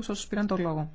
όσους πήραν το λόγο.